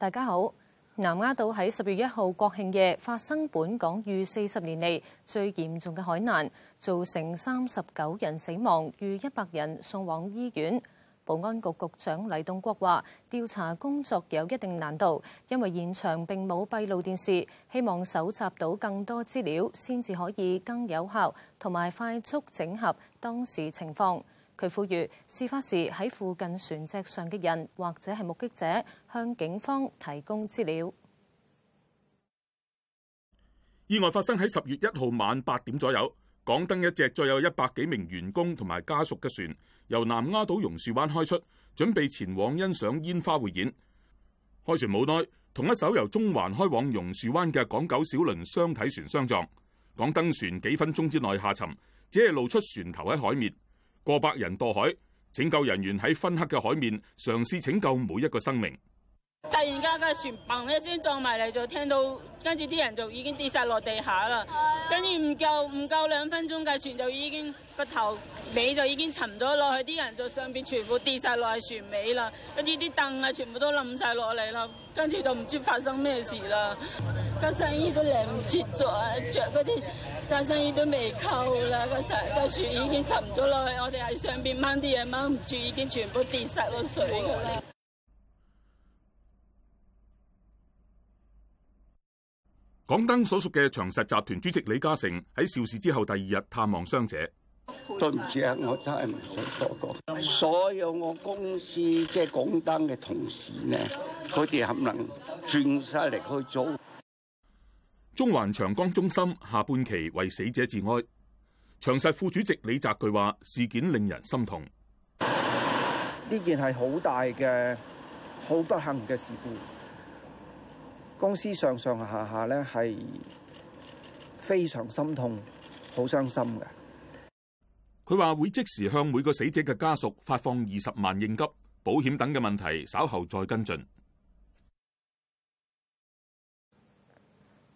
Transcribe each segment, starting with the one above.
大家好，南丫島喺十月一號國慶夜發生本港逾四十年嚟最嚴重嘅海難，造成三十九人死亡，逾一百人送往醫院。保安局局長黎棟國話：調查工作有一定難度，因為現場並冇閉路電視，希望搜集到更多資料，先至可以更有效同埋快速整合當時情況。佢呼籲，事發時喺附近船隻上嘅人或者係目擊者，向警方提供資料。意外發生喺十月一號晚八點左右，港燈一隻載有一百幾名員工同埋家屬嘅船，由南丫島榕樹灣開出，準備前往欣賞煙花匯演。開船冇耐，同一艘由中環開往榕樹灣嘅港九小輪雙體船相撞，港燈船幾分鐘之內下沉，只係露出船頭喺海面。過百人墮海，拯救人員喺昏黑嘅海面嘗試拯救每一個生命。突然間架船嘭一聲撞埋嚟，就聽到跟住啲人就已經跌晒落地下啦。跟住唔夠唔夠兩分鐘，架船就已經個頭尾就已經沉咗落去，啲人就上邊全部跌晒落去船尾啦。跟住啲凳啊，全部都冧晒落嚟啦。跟住就唔知發生咩事啦。救生衣都嚟唔切咗，着嗰啲救生衣都未扣啦。架船架船已經沉咗落去，我哋喺上邊掹啲嘢，掹唔住，已經全部跌晒落水噶啦。廣登所屬嘅長實集團主席李嘉誠喺肇事之後第二日探望傷者。對唔住呀，我真係唔想多講。所有我公司即係港燈嘅同事呢，佢哋肯能盡晒力去做。中環長江中心下半旗為死者致哀。長實副主席李澤钜話：事件令人心痛。呢件係好大嘅、好不幸嘅事故。公司上上下下咧係非常心痛，好傷心嘅。佢話會即時向每個死者嘅家屬發放二十萬應急，保險等嘅問題稍後再跟進。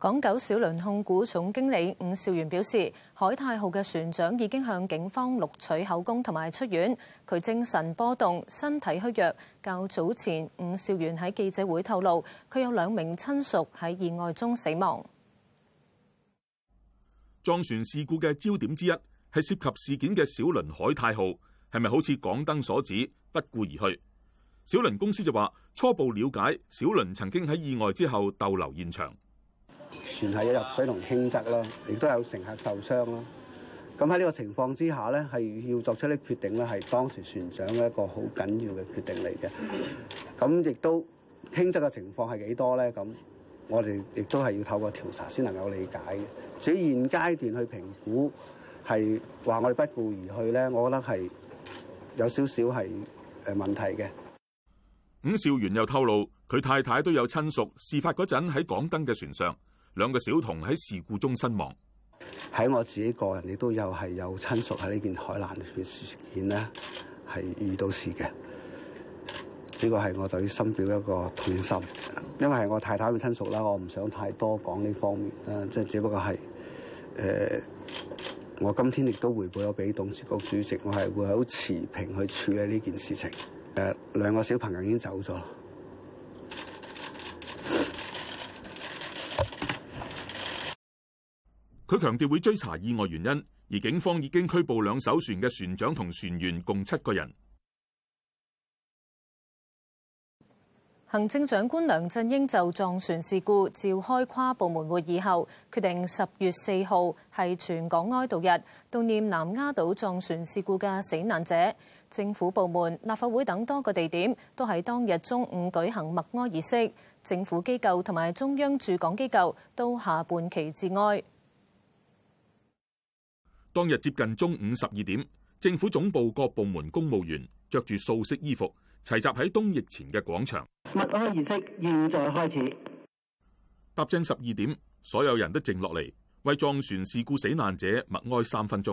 港九小輪控股總經理伍兆元表示，海泰號嘅船長已經向警方錄取口供同埋出院，佢精神波動、身體虛弱。較早前，伍兆元喺記者會透露，佢有兩名親屬喺意外中死亡。撞船事故嘅焦點之一係涉及事件嘅小輪海泰號，係咪好似港燈所指不顧而去？小輪公司就話初步了解，小輪曾經喺意外之後逗留現場。船係入水同傾側咯，亦都有乘客受傷咯。咁喺呢個情況之下咧，係要作出啲決定咧，係當時船長嘅一個好緊要嘅決定嚟嘅。咁亦都傾側嘅情況係幾多咧？咁我哋亦都係要透過調查先能夠理解嘅。至於現階段去評估係話我哋不顧而去咧，我覺得係有少少係誒問題嘅。伍少元又透露，佢太太都有親屬事發嗰陣喺港燈嘅船上。兩個小童喺事故中身亡。喺我自己個人，亦都有係有親屬喺呢件海難嘅事件咧，係遇到事嘅。呢個係我對於深表一個痛心，因為係我太太嘅親屬啦。我唔想太多講呢方面啦，即係只不過係誒，我今天亦都回報咗俾董事局主席，我係會好持平去處理呢件事情。誒，兩個小朋友已經走咗。佢強調會追查意外原因，而警方已經拘捕兩艘船嘅船長同船員共七個人。行政長官梁振英就撞船事故召開跨部門會議後，決定十月四號係全港哀悼日，悼念南丫島撞船事故嘅死難者。政府部門、立法會等多個地點都喺當日中午舉行默哀儀式。政府機構同埋中央駐港機構都下半旗致哀。當日接近中午十二點，政府總部各部門公務員着住素色衣服，齊集喺東翼前嘅廣場。默哀儀式現在開始。踏正十二點，所有人都靜落嚟，為撞船事故死難者默哀三分鐘。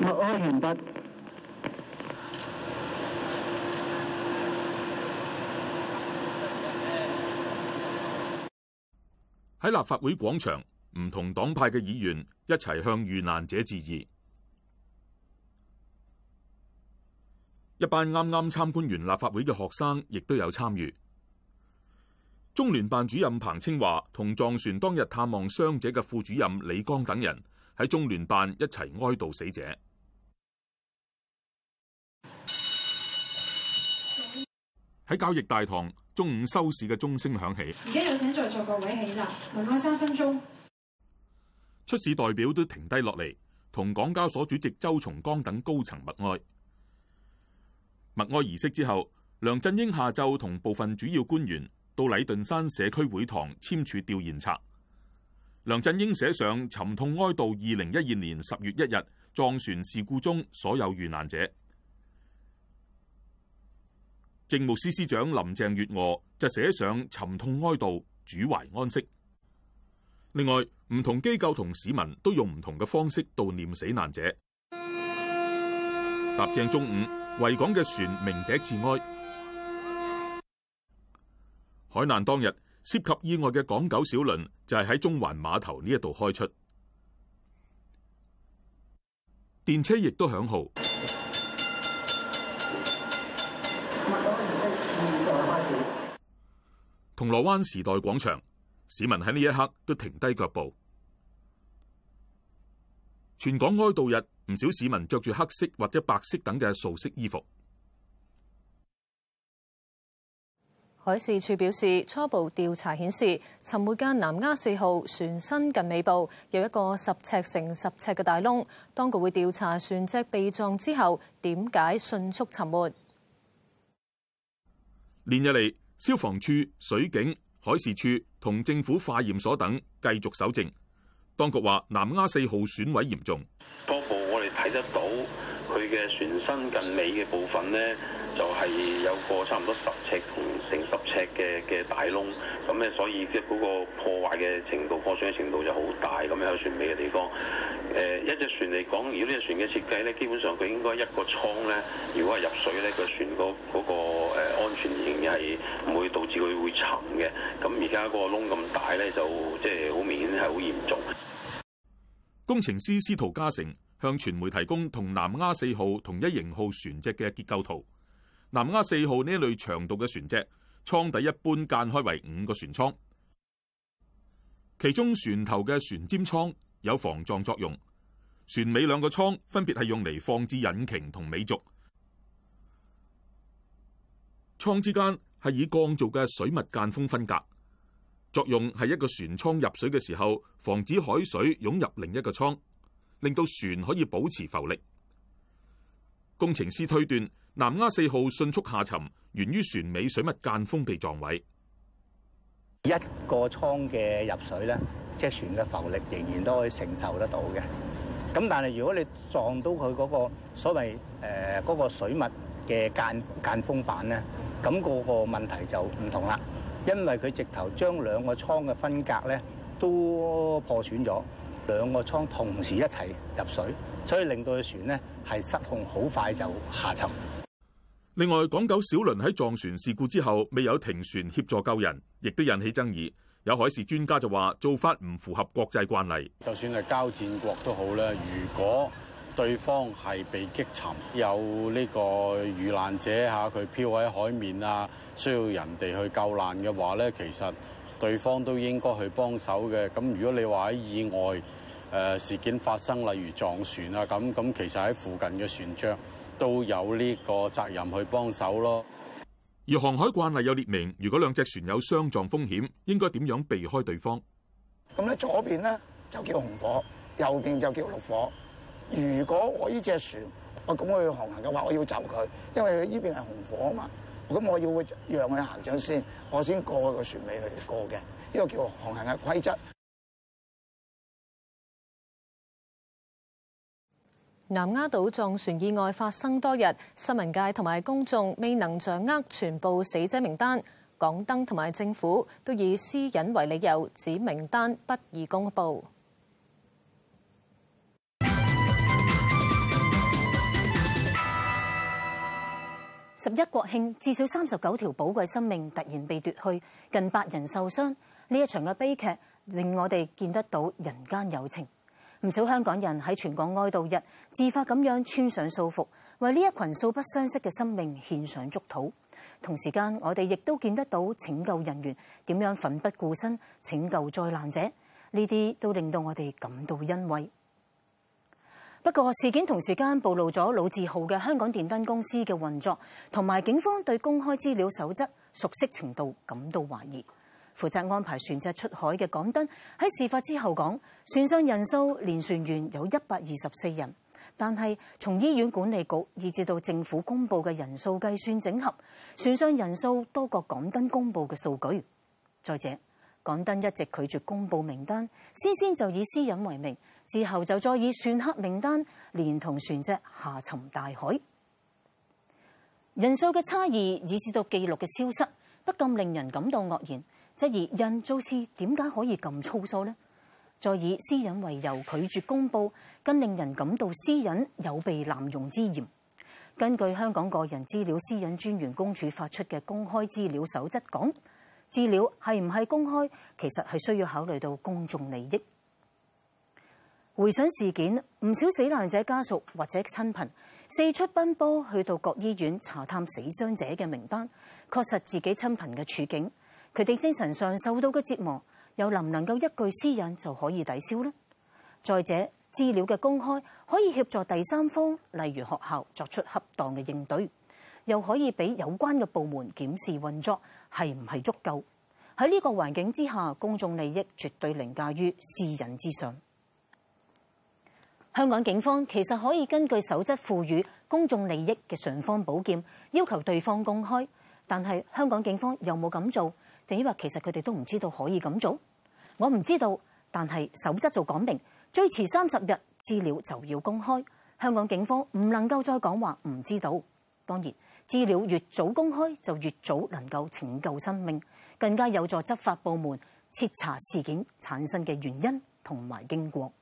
默哀完畢。喺立法會廣場，唔同黨派嘅議員一齊向遇難者致意。一班啱啱參觀完立法會嘅學生亦都有參與。中聯辦主任彭清華同撞船當日探望傷者嘅副主任李剛等人喺中聯辦一齊哀悼死者。喺交易大堂，中午收市嘅鐘聲響起。而家有請在座各位起立，默哀三分鐘。出事代表都停低落嚟，同港交所主席周松崗等高層默哀。默哀儀式之後，梁振英下晝同部分主要官員到禮頓山社區會堂簽署悼念冊。梁振英寫上沉痛哀悼二零一二年十月一日撞船事故中所有遇難者。政務司司長林鄭月娥就寫上沉痛哀悼，主懷安息。另外，唔同機構同市民都用唔同嘅方式悼念死難者。踏正中午，維港嘅船鳴笛致哀。海難當日涉及意外嘅港九小輪就係喺中環碼頭呢一度開出，電車亦都響號。銅鑼灣時代廣場，市民喺呢一刻都停低腳步。全港哀悼日，唔少市民着住黑色或者白色等嘅素色衣服。海事處表示，初步調查顯示，沉沒嘅南丫四號船身近尾部有一個十尺乘十尺嘅大窿，當局會調查船隻被撞之後點解迅速沉沒。連日嚟。消防處、水警、海事處同政府化驗所等繼續搜證。當局話南丫四號損毀嚴重，初步我哋睇得到佢嘅船身近尾嘅部分呢。就係有個差唔多十尺同成十尺嘅嘅大窿，咁咧，所以即係嗰個破壞嘅程度，破損嘅程度就好大。咁有船尾嘅地方，誒一隻船嚟講，如果呢隻船嘅設計咧，基本上佢應該一個艙咧，如果係入水咧，個船嗰嗰個安全性係唔會導致佢會沉嘅。咁而家個窿咁大咧，就即係好明顯係好嚴重。工程師司徒嘉誠向傳媒提供同南丫四號同一型號船隻嘅結構圖。南丫四號呢一類長度嘅船隻，艙底一般間開為五個船艙，其中船頭嘅船尖艙有防撞作用，船尾兩個艙分別係用嚟放置引擎同尾軸，艙之間係以鋼造嘅水密間封分隔，作用係一個船艙入水嘅時候，防止海水湧入另一個艙，令到船可以保持浮力。工程師推斷南丫四號迅速下沉，源於船尾水密間封被撞毀。一個艙嘅入水咧，隻船嘅浮力仍然都可以承受得到嘅。咁但係如果你撞到佢嗰個所謂誒嗰個水密嘅間間封板咧，咁嗰個問題就唔同啦。因為佢直頭將兩個艙嘅分隔咧都破損咗，兩個艙同時一齊入水。所以令到嘅船呢，係失控，好快就下沉。另外，港九小輪喺撞船事故之後未有停船協助救人，亦都引起爭議。有海事專家就話做法唔符合國際慣例。就算係交戰國都好咧，如果對方係被擊沉，有呢個遇難者吓，佢漂喺海面啊，需要人哋去救難嘅話咧，其實對方都應該去幫手嘅。咁如果你話喺意外，誒事件發生，例如撞船啊，咁咁其實喺附近嘅船長都有呢個責任去幫手咯。而航海慣例有列明，如果兩隻船有相撞風險，應該點樣避開對方？咁咧左邊咧就叫紅火，右邊就叫綠火。如果我呢隻船，我咁去航行嘅話，我要就佢，因為呢邊係紅火啊嘛。咁我要會讓佢行上先，我先過去個船尾去過嘅。呢個叫航行嘅規則。南丫島撞船意外發生多日，新聞界同埋公眾未能掌握全部死者名單，港燈同埋政府都以私隱為理由指名單不宜公布。十一國慶，至少三十九條寶貴生命突然被奪去，近百人受傷。呢一場嘅悲劇，令我哋見得到人間有情。唔少香港人喺全港哀悼日，自發咁樣穿上素服，為呢一群素不相識嘅生命獻上祝禱。同時間，我哋亦都見得到拯救人員點樣奮不顧身拯救災難者，呢啲都令到我哋感到欣慰。不過，事件同時間暴露咗老字號嘅香港電燈公司嘅運作，同埋警方對公開資料守則熟悉程度感到懷疑。負責安排船隻出海嘅港燈喺事發之後講，船上人數連船員有一百二十四人，但係從醫院管理局以至到政府公佈嘅人數計算整合，船上人數多過港燈公佈嘅數據。再者，港燈一直拒絕公佈名單，先先就以私隱為名，之後就再以船客名單，連同船隻下沉大海，人數嘅差異以至到記錄嘅消失，不禁令人感到愕然。質疑人做事點解可以咁粗疏呢？再以私隱為由拒絕公佈，更令人感到私隱有被濫用之嫌。根據香港個人資料私隱專員公署發出嘅公開資料守則講，資料係唔係公開，其實係需要考慮到公眾利益。回想事件，唔少死難者家屬或者親朋四出奔波，去到各醫院查探死傷者嘅名單，確實自己親朋嘅處境。佢哋精神上受到嘅折磨，又能唔能夠一句私隱就可以抵消呢？再者，資料嘅公開可以協助第三方，例如學校作出恰當嘅應對，又可以俾有關嘅部門檢視運作係唔係足夠，喺呢個環境之下，公眾利益絕對凌駕於私隱之上。香港警方其實可以根據守則賦予公眾利益嘅尚方寶劍，要求對方公開，但係香港警方有冇咁做？定抑或其實佢哋都唔知道可以咁做，我唔知道，但係守則就講明最遲三十日資料就要公開。香港警方唔能夠再講話唔知道。當然資料越早公開就越早能夠拯救生命，更加有助執法部門徹查事件產生嘅原因同埋經過。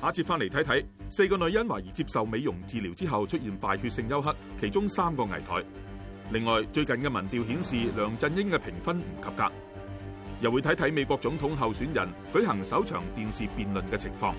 下一節翻嚟睇睇，四個女人懷疑接受美容治療之後出現敗血性休克，其中三個危殆。另外，最近嘅民調顯示梁振英嘅評分唔及格，又會睇睇美國總統候選人舉行首場電視辯論嘅情況。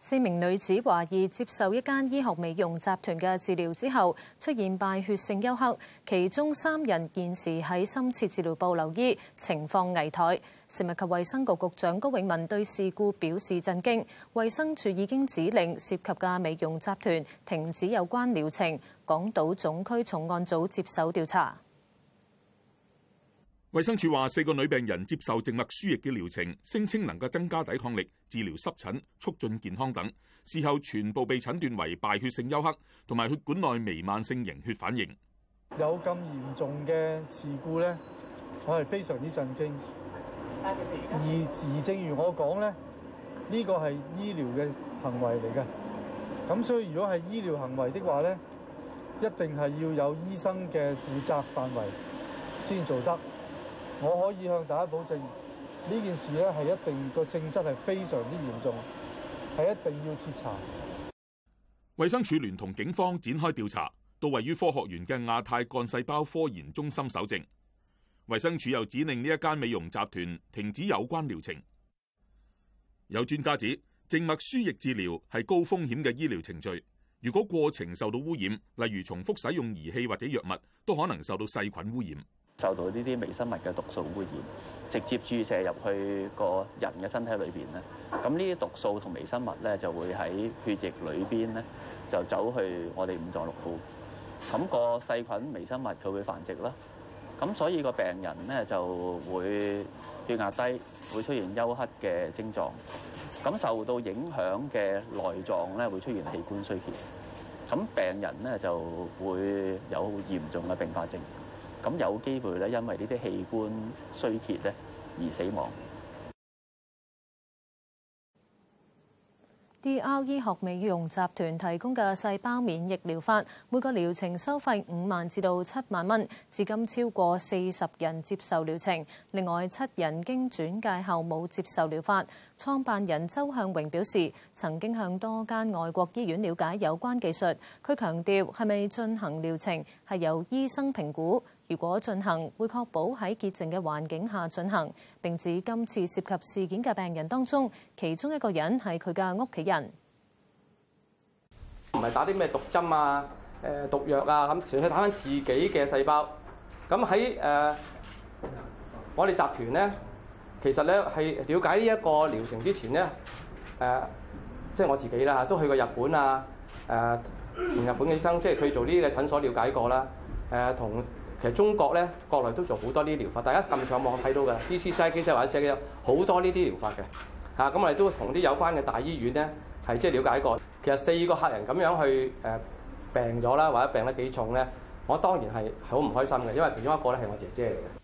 四名女子懷疑接受一間醫學美容集團嘅治療之後，出現敗血性休克，其中三人現時喺深切治療部留醫，情況危殆。食物及衛生局局長高永文對事故表示震驚，衛生署已經指令涉及嘅美容集團停止有關療程。港島總區重案組接手調查。衛生署話，四個女病人接受靜脈輸液嘅療程，聲稱能夠增加抵抗力、治療濕疹、促進健康等，事後全部被診斷為敗血性休克，同埋血管內彌漫性凝血反應。有咁嚴重嘅事故呢，我係非常之震驚。而自正如我講，咧，呢個係醫療嘅行為嚟嘅，咁所以如果係醫療行為的話，咧，一定係要有醫生嘅負責範圍先做得。我可以向大家保證，呢件事咧係一定個性質係非常之嚴重，係一定要徹查。衛生署聯同警方展開調查，到位於科學園嘅亞太幹細胞科研中心搜證。衛生署又指令呢一間美容集團停止有關療程。有專家指，靜脈輸液治療係高風險嘅醫療程序，如果過程受到污染，例如重複使用儀器或者藥物，都可能受到細菌污染。受到呢啲微生物嘅毒素污染，直接注射入去個人嘅身體裏邊咧，咁呢啲毒素同微生物咧就會喺血液裏邊咧就走去我哋五臟六腑，咁個細菌微生物佢會繁殖啦。咁所以個病人咧就會血壓低，會出現休克嘅症狀。咁受到影響嘅內臟咧會出現器官衰竭。咁病人咧就會有嚴重嘅併發症。咁有機會咧因為呢啲器官衰竭咧而死亡。D.R. 醫學美容集團提供嘅細胞免疫療法，每個療程收費五萬至到七萬蚊，至今超過四十人接受療程。另外七人經轉介後冇接受療法。創辦人周向榮表示，曾經向多間外國醫院了解有關技術，佢強調係咪進行療程，係由醫生評估，如果進行，會確保喺潔淨嘅環境下進行。並指今次涉及事件嘅病人當中，其中一個人係佢嘅屋企人。唔係打啲咩毒針啊、誒、呃、毒藥啊，咁純粹打翻自己嘅細胞。咁喺誒我哋集團咧，其實咧係了解呢一個療程之前咧，誒即係我自己啦，都去過日本啊，誒、呃、同日本嘅醫生即係佢做呢個診所了解過啦，誒、呃、同。其實中國咧，國內都做好多呢啲療法，大家撳上網睇到嘅 d C c i n e 或者西醫好多呢啲療法嘅咁、啊、我哋都會同啲有關嘅大醫院咧係即係了解過。其實四個客人咁樣去、呃、病咗啦，或者病得幾重咧，我當然係好唔開心嘅，因為其中一個咧係我姐姐嚟嘅。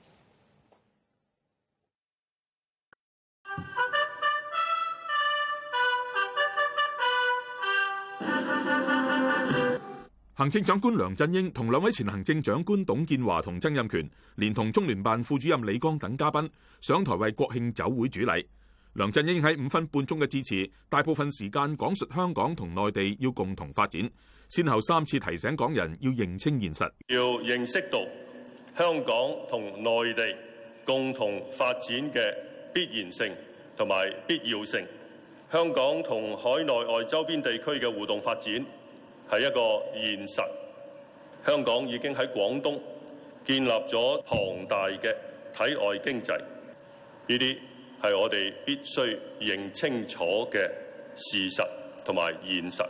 行政長官梁振英同兩位前行政長官董建華同曾蔭權，連同中聯辦副主任李剛等嘉賓上台為國慶酒會主禮。梁振英喺五分半鐘嘅致辭，大部分時間講述香港同內地要共同發展，先後三次提醒港人要認清現實，要認識到香港同內地共同發展嘅必然性同埋必要性，香港同海內外周邊地區嘅互動發展。係一個現實，香港已經喺廣東建立咗龐大嘅體外經濟，呢啲係我哋必須認清楚嘅事實同埋現實。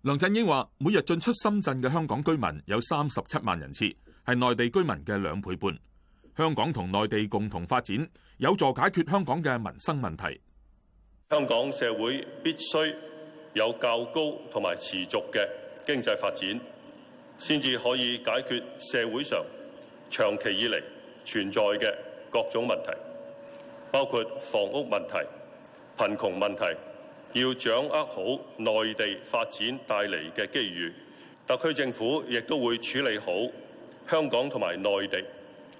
梁振英話：每日進出深圳嘅香港居民有三十七萬人次，係內地居民嘅兩倍半。香港同內地共同發展，有助解決香港嘅民生問題。香港社會必須有較高同埋持續嘅經濟發展，先至可以解決社會上長期以嚟存在嘅各種問題，包括房屋問題、貧窮問題。要掌握好內地發展帶嚟嘅機遇，特區政府亦都會處理好香港同埋內地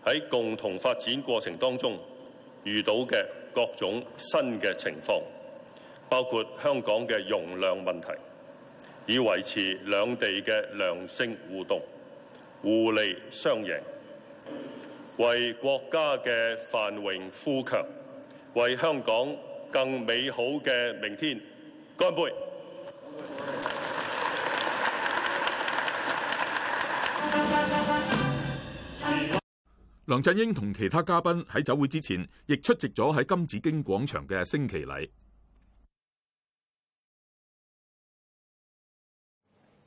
喺共同發展過程當中遇到嘅各種新嘅情況。包括香港嘅容量問題，以維持兩地嘅良性互動互利雙贏，為國家嘅繁榮富強，為香港更美好嘅明天乾杯！梁振英同其他嘉賓喺酒會之前，亦出席咗喺金紫荊廣場嘅升旗禮。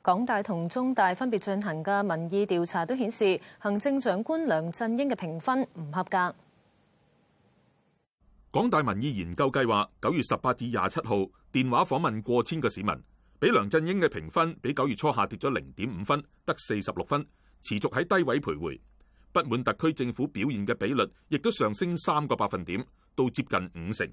港大同中大分別進行嘅民意調查都顯示，行政長官梁振英嘅評分唔合格。港大民意研究計劃九月十八至廿七號電話訪問過千個市民，俾梁振英嘅評分比九月初下跌咗零點五分，得四十六分，持續喺低位徘徊。不滿特區政府表現嘅比率亦都上升三個百分點，到接近五成。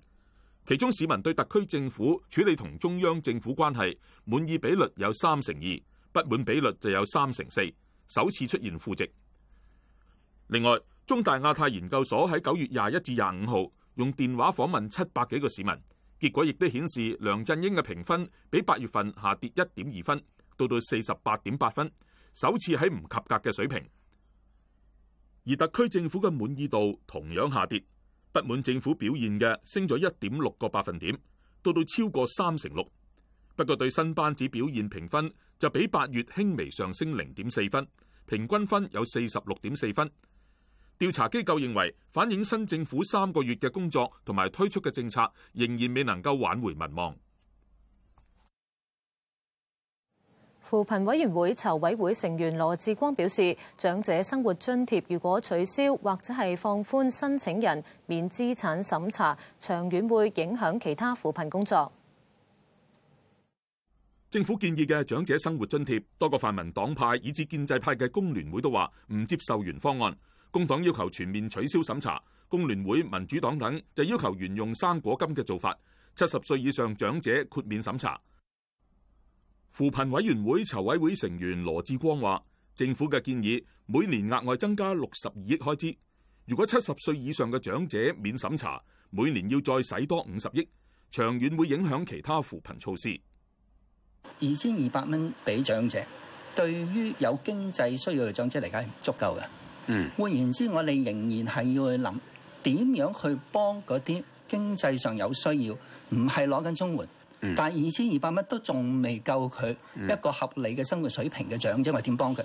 其中市民對特區政府處理同中央政府關係滿意比率有三成二，不滿比率就有三成四，首次出現負值。另外，中大亞太研究所喺九月廿一至廿五號用電話訪問七百幾個市民，結果亦都顯示梁振英嘅評分比八月份下跌一點二分，到到四十八點八分，首次喺唔及格嘅水平。而特區政府嘅滿意度同樣下跌。不滿政府表現嘅升咗一點六個百分點，到到超過三成六。不過對新班子表現評分就比八月輕微上升零點四分，平均分有四十六點四分。調查機構認為，反映新政府三個月嘅工作同埋推出嘅政策，仍然未能夠挽回民望。扶貧委員會籌委會成員羅致光表示，長者生活津貼如果取消或者係放寬申請人免資產審查，長遠會影響其他扶貧工作。政府建議嘅長者生活津貼，多個泛民黨派以至建制派嘅工聯會都話唔接受原方案，工黨要求全面取消審查，工聯會、民主黨等就要求沿用生果金嘅做法，七十歲以上長者豁免審查。扶貧委員會籌委會成員羅致光話：，政府嘅建議每年額外增加六十二億開支，如果七十歲以上嘅長者免審查，每年要再使多五十億，長遠會影響其他扶貧措施。二千二百蚊俾長者，對於有經濟需要嘅長者嚟講係足夠嘅。嗯，換言之，我哋仍然係要去諗點樣去幫嗰啲經濟上有需要，唔係攞緊綜援。嗯、2> 但係二千二百蚊都仲未夠佢一個合理嘅生活水平嘅長者，即係點幫佢？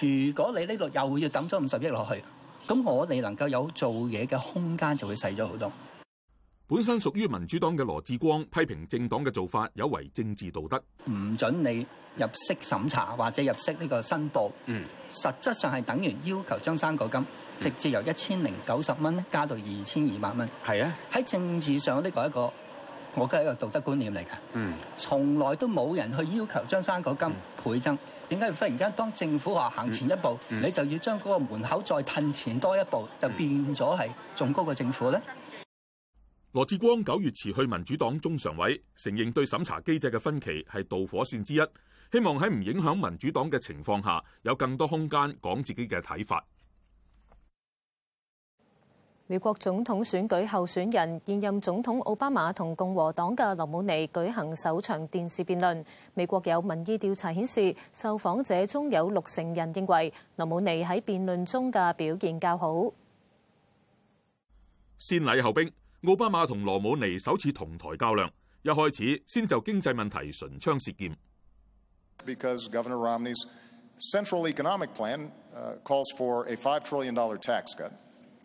的如果你呢度又要抌咗五十億落去，咁我哋能夠有做嘢嘅空間就會細咗好多。本身屬於民主黨嘅羅致光批評政黨嘅做法有違政治道德，唔准你入息審查或者入息呢個申報，嗯、實質上係等於要求將生果金、嗯、直接由一千零九十蚊加到二千二百蚊。係啊的，喺政治上呢個一個。我嘅一個道德觀念嚟嘅，嗯、從來都冇人去要求將生果金倍增。點解要忽然間當政府話行前一步，嗯嗯、你就要將嗰個門口再褪前多一步，嗯、就變咗係仲高過政府咧？羅致光九月辭去民主黨中常委，承認對審查機制嘅分歧係導火線之一，希望喺唔影響民主黨嘅情況下，有更多空間講自己嘅睇法。美國總統選舉候選人，現任總統奧巴馬同共和黨嘅羅姆尼舉行首場電視辯論。美國有民意調查顯示，受訪者中有六成人認為羅姆尼喺辯論中嘅表現較好。先禮後兵，奧巴馬同羅姆尼首次同台較量，一開始先就經濟問題唇槍舌劍。Because Governor Romney's central economic plan calls for a five-trillion-dollar tax cut.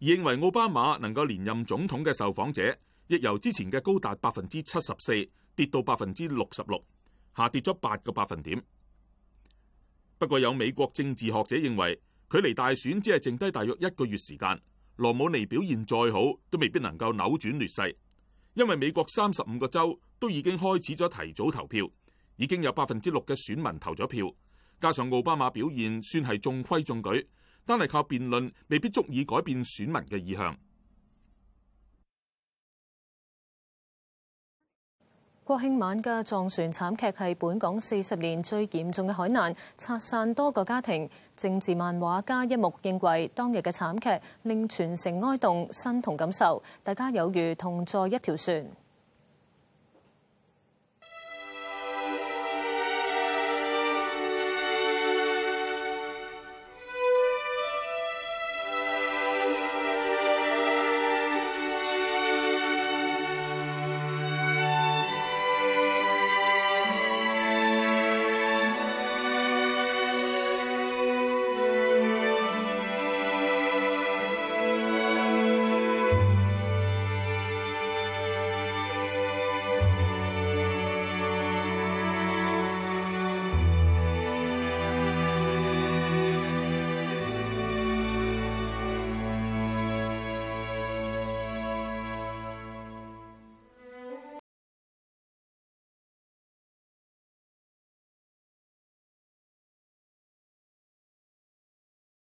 認為奧巴馬能夠連任總統嘅受訪者，亦由之前嘅高達百分之七十四跌到百分之六十六，下跌咗八個百分點。不過有美國政治學者認為，距離大選只係剩低大約一個月時間，羅姆尼表現再好都未必能夠扭轉劣勢，因為美國三十五個州都已經開始咗提早投票，已經有百分之六嘅選民投咗票，加上奧巴馬表現算係中規中矩。單係靠辯論未必足以改變選民嘅意向。國慶晚嘅撞船慘劇係本港四十年最嚴重嘅海難，拆散多個家庭。政治漫畫家一目認為當日嘅慘劇令全城哀動，身同感受，大家有如同坐一條船。